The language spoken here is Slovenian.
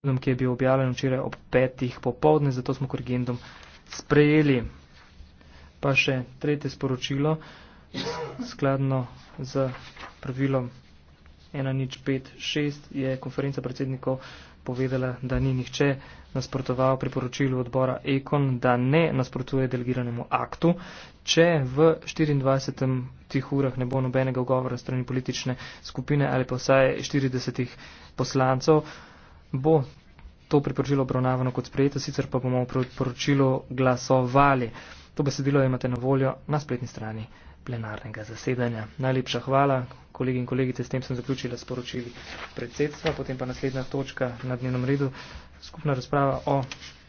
korigendum, ki je bil objavljen včeraj ob petih popovdne, zato smo korigendum sprejeli. Pa še tretje sporočilo, skladno z pravilom 1.056 je konferenca predsednikov povedala, da ni nihče nasprotoval priporočilu odbora Ekon, da ne nasprotuje delegiranemu aktu. Če v 24 tih urah ne bo nobenega ugovora strani politične skupine ali pa vsaj 40 poslancov, bo to priporočilo obravnavano kot sprejeto, sicer pa bomo priporočilo glasovali. To besedilo imate na voljo na spletni strani plenarnega zasedanja. Najlepša hvala, kolegi in kolegice, s tem sem zaključila sporočili predsedstva, potem pa naslednja točka na dnevnem redu, skupna razprava o